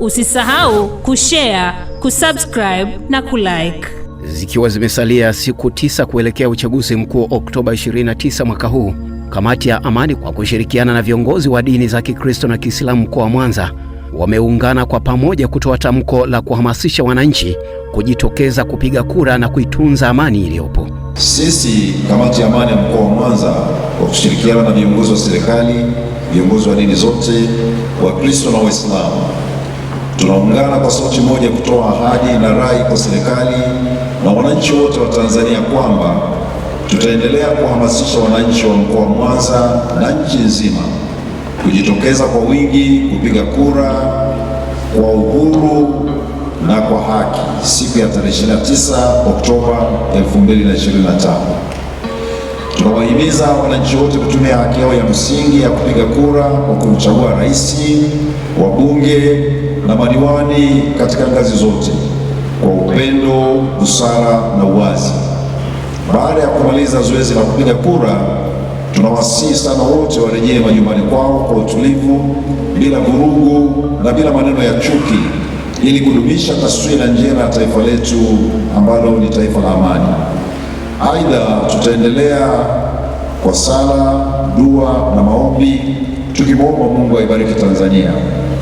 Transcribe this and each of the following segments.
Usisahau kushare, kusubscribe na kulike. Zikiwa zimesalia siku tisa kuelekea uchaguzi mkuu Oktoba 29 mwaka huu, kamati ya amani kwa kushirikiana na viongozi wa dini za Kikristo na Kiislamu mkoa wa Mwanza wameungana kwa pamoja kutoa tamko la kuhamasisha wananchi kujitokeza kupiga kura na kuitunza amani iliyopo. Sisi kamati ya amani ya mkoa wa Mwanza kwa kushirikiana na viongozi wa serikali, viongozi wa dini zote, Wakristo na Waislamu Tunaungana kwa sauti moja kutoa ahadi na rai kwa serikali na wananchi wote wa Tanzania kwamba tutaendelea kuhamasisha wananchi wa mkoa wa Mwanza na nchi nzima kujitokeza kwa wingi kupiga kura kwa uhuru na kwa haki siku ya tarehe 29 Oktoba 2025. Tunawahimiza wananchi wote kutumia haki yao ya msingi ya kupiga kura kwa kumchagua rais, wabunge na madiwani katika ngazi zote kwa upendo, busara na uwazi. Baada ya kumaliza zoezi la kupiga kura, tunawasihi sana wote warejee majumbani kwao kwa utulivu, bila vurugu na bila maneno ya chuki, ili kudumisha taswira njema ya taifa letu ambalo ni taifa la amani. Aidha, tutaendelea kwa sala, dua na maombi tukimwomba Mungu aibariki Tanzania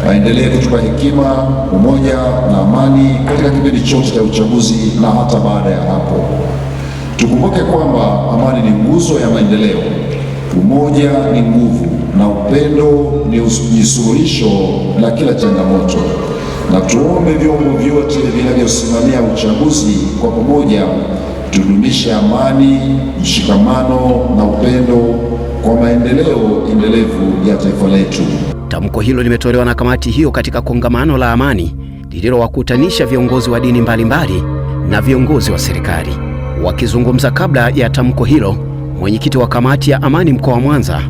waendelee kuchukua hekima, umoja na amani katika kipindi chote cha uchaguzi na hata baada ya hapo. Tukumbuke kwamba amani ni nguzo ya maendeleo, umoja ni nguvu, na upendo ni suluhisho la kila changamoto, na tuombe vyombo vyote vinavyosimamia uchaguzi kwa pamoja tudumishe amani, mshikamano na upendo kwa maendeleo endelevu ya taifa letu. Tamko hilo limetolewa na kamati hiyo katika kongamano la amani lililowakutanisha viongozi wa dini mbalimbali mbali na viongozi wa serikali. Wakizungumza kabla ya tamko hilo, mwenyekiti wa kamati ya amani mkoa wa Mwanza,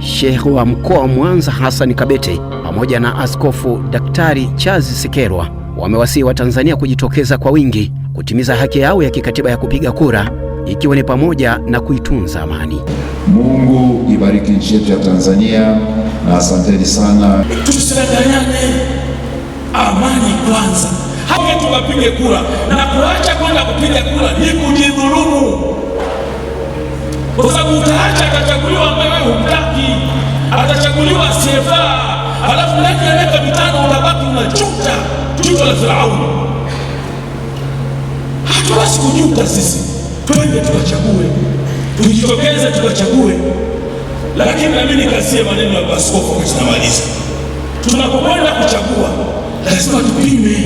Sheikh wa mkoa wa Mwanza Hassan Kabete pamoja na Askofu Daktari Charles Sekerwa wamewasihi Watanzania kujitokeza kwa wingi kutimiza haki yao ya kikatiba ya kupiga kura ikiwa ni pamoja na kuitunza amani. Mungu ibariki nchi yetu ya Tanzania na asanteni sana. Tusidanganyane, amani kwanza. Hao tukapige kura na kuacha kwenda kupiga kura ni kujidhulumu, kwa sababu utaacha atachaguliwa ambaye humtaki, atachaguliwa asiyefaa, alafu ndani ya miaka mitano utabaki unachuta juto la Firauni. Hatuwezi kujuta sisi, twende tukachague, tujitokeze tukachague. Lakini nami nikasie maneno ya Askofu wakati namaliza, tunapokwenda kuchagua lazima tupime.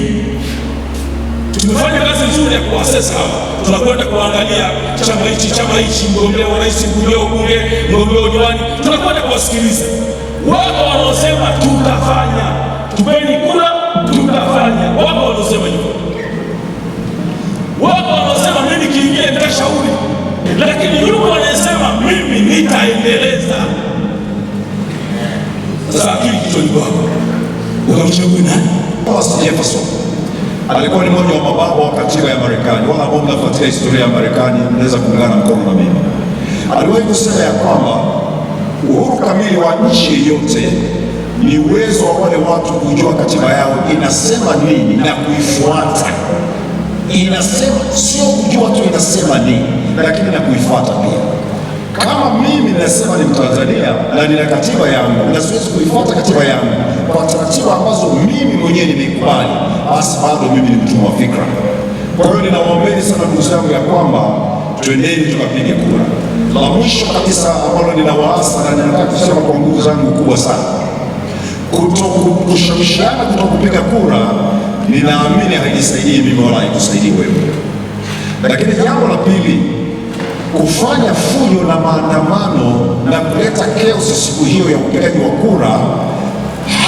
Tumefanya kazi nzuri ya kuasesa hapa, tunakwenda kuangalia chama hichi chama hichi, mgombea wa rais, mgombea ubunge, mgombea udiwani, tunakwenda kuwasikiliza wako wanaosema tutafanya, tupeni kura, tutafanya. Wako wanaosema hivyo, wako wanaosema mimi nikiingia nitashauri, lakini yuko anayesema mimi nitaendea za akili kichwani kwako, ukamchagua nani? Thomas Jefferson alikuwa ni mmoja wa mababa wa katiba ya Marekani. Wala ambao mnafuatilia historia ya Marekani mnaweza kuungana mkono na mimi. Aliwahi kusema ya kwamba uhuru kamili wa nchi yeyote ni uwezo wa wale watu kujua katiba yao inasema nini na kuifuata. Inasema sio kujua tu inasema nini, lakini na kuifuata pia. Kama mimi nasema ni Mtanzania na nina katiba yangu na siwezi kuifuata katiba yangu kwa taratibu ambazo mimi mwenyewe nimeikubali, basi bado mimi ni mtumwa wa fikra. Kwa hiyo ninawaombeni sana ndugu zangu ya kwamba twendeni tukapige kura. La mwisho kabisa ambalo ninawaasa na ninataka kusema kwa nguvu zangu kubwa sana, kutokushawishiana kutokupiga kura, ninaamini haijisaidii mimi wala haikusaidii wewe. Lakini jambo la pili kufanya fujo na maandamano na kuleta chaos siku hiyo ya upigaji wa kura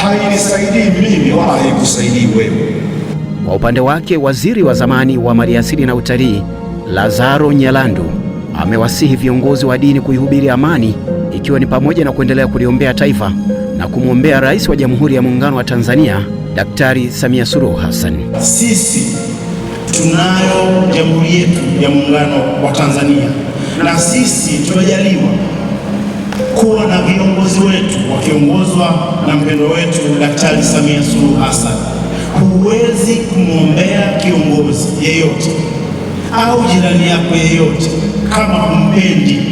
hainisaidii mimi wala haikusaidii wewe. Kwa upande wake, waziri wa zamani wa maliasili na utalii Lazaro Nyalandu amewasihi viongozi wa dini kuihubiri amani ikiwa ni pamoja na kuendelea kuliombea taifa na kumwombea Rais wa Jamhuri ya Muungano wa Tanzania Daktari Samia Suluhu Hassan. Sisi tunayo Jamhuri yetu ya Muungano wa Tanzania na sisi tumejaliwa kuwa na viongozi wetu wakiongozwa na mpendo wetu Daktari Samia Suluhu Hassan. Huwezi kumwombea kiongozi yeyote au jirani yako yeyote kama humpendi.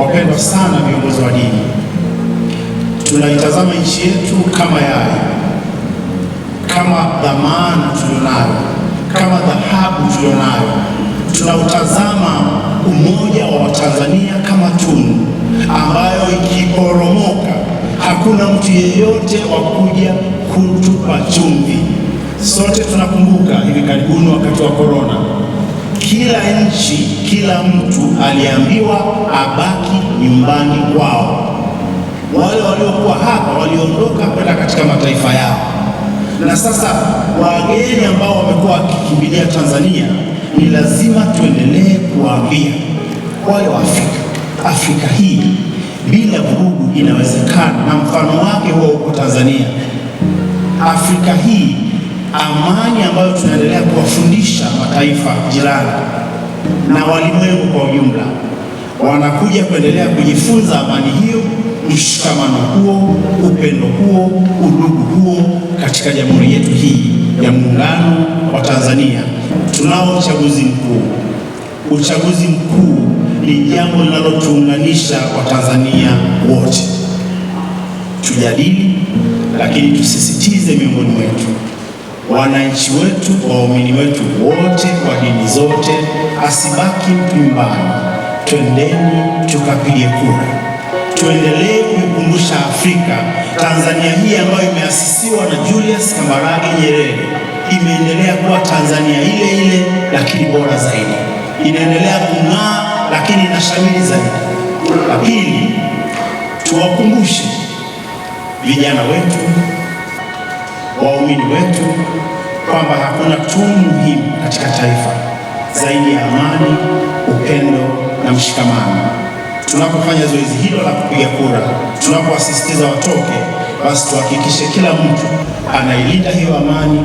Wapendwa sana viongozi wa dini, tunaitazama nchi yetu kama yai, kama dhamana tulionayo, kama dhahabu tulionayo tunautazama umoja wa Watanzania kama tunu ambayo ikiporomoka hakuna mtu yeyote wa kuja kutupa chumvi. Sote tunakumbuka hivi karibuni, wakati wa korona, kila nchi, kila mtu aliambiwa abaki nyumbani kwao. Wale waliokuwa hapa waliondoka kwenda katika mataifa yao, na sasa wageni ambao wamekuwa wakikimbilia Tanzania ni lazima tuendelee kuwaambia wale wa Afrika, Afrika hii bila vurugu inawezekana, na mfano wake huo huko Tanzania. Afrika hii amani ambayo tunaendelea kuwafundisha mataifa jirani na walimwengu kwa ujumla, wanakuja kuendelea kujifunza amani hiyo, mshikamano huo, upendo huo, udugu huo katika jamhuri yetu hii ya Muungano wa Tanzania. Tunao uchaguzi mkuu. Uchaguzi mkuu ni jambo linalotuunganisha Watanzania wote, tujadili, lakini tusisitize miongoni mwetu wananchi wetu, waumini wetu wote kwa dini zote, asibaki mtu nyumbani. Twendeni tukapige kura tuendelee kuikumbusha Afrika Tanzania hii ambayo imeasisiwa na Julius Kambarage Nyerere imeendelea kuwa Tanzania ile ile, lakini bora zaidi, inaendelea kung'aa, lakini shauri zaidi. La pili, tuwakumbushe vijana wetu, waumini wetu kwamba hakuna tunu muhimu katika taifa zaidi ya amani, upendo na mshikamano tunapofanya zoezi hilo la kupiga kura, tunapowasisitiza watoke, basi tuhakikishe kila mtu anailinda hiyo amani,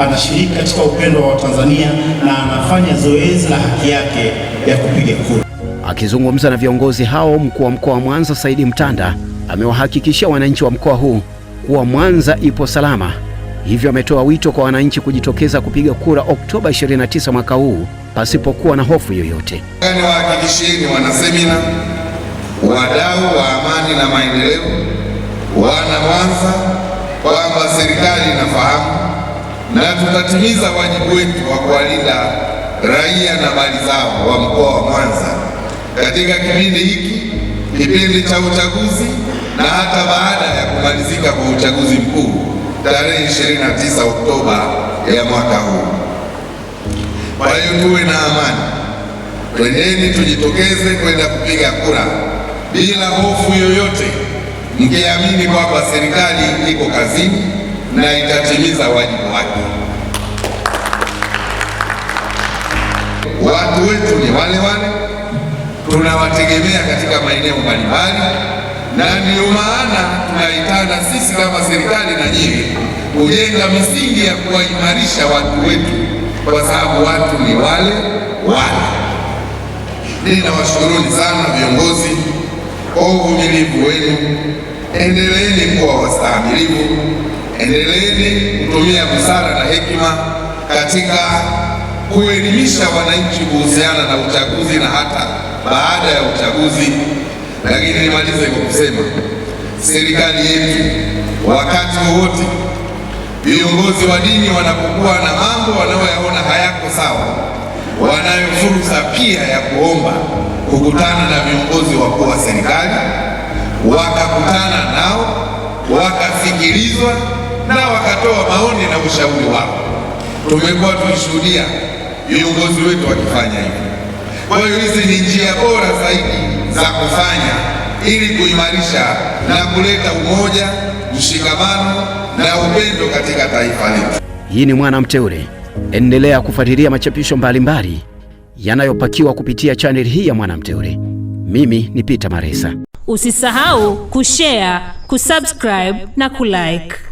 anashiriki katika upendo wa Watanzania na anafanya zoezi la haki yake ya kupiga kura. Akizungumza na viongozi hao, mkuu wa mkoa wa Mwanza Saidi Mtanda amewahakikishia wananchi wa mkoa huu kuwa Mwanza ipo salama. Hivyo ametoa wito kwa wananchi kujitokeza kupiga kura Oktoba 29 mwaka huu pasipokuwa na hofu yoyote. Nawahakikishieni yaani wanasemina wadau wa amani na maendeleo, wana Mwanza, kwamba serikali inafahamu na tutatimiza wajibu wetu wa kuwalinda raia na mali zao wa mkoa wa Mwanza katika kipindi hiki, kipindi cha uchaguzi na hata baada ya kumalizika kwa uchaguzi mkuu tarehe 29 Oktoba ya mwaka huu. Kwa hiyo tuwe na amani, twendeni tujitokeze kwenda kupiga kura bila hofu yoyote, mkiamini kwamba serikali iko kazini na itatimiza wajibu wake. Watu wetu ni wale wale, tunawategemea katika maeneo mbalimbali, na ndiyo maana tunaitana sisi kama serikali na nyinyi kujenga misingi ya kuwaimarisha watu wetu, kwa sababu watu ni wale wale. Ninawashukuruni sana viongozi kwa uvumilivu wenu. Endeleeni kuwa wastahamilivu, endeleeni kutumia busara na hekima katika kuelimisha wananchi kuhusiana na uchaguzi na hata baada ya uchaguzi. Lakini nimalize kwa kusema serikali yetu, wakati wowote viongozi wa dini wanapokuwa na mambo wanayoyaona hayako sawa, wanayo fursa pia ya kuomba kukutana na viongozi wakuu wa serikali, wakakutana nao, wakasikilizwa na wakatoa maoni na ushauri wao. Tumekuwa tukishuhudia viongozi wetu wakifanya hivyo. Kwa hiyo hizi ni njia bora zaidi za kufanya ili kuimarisha na kuleta umoja, mshikamano na upendo katika taifa letu. Hii ni Mteule, Endelea kufuatilia machapisho mbalimbali yanayopakiwa kupitia chaneli hii ya Mwanamteule. Mimi ni Peter Maresa. Usisahau kushare, kusubscribe na kulike.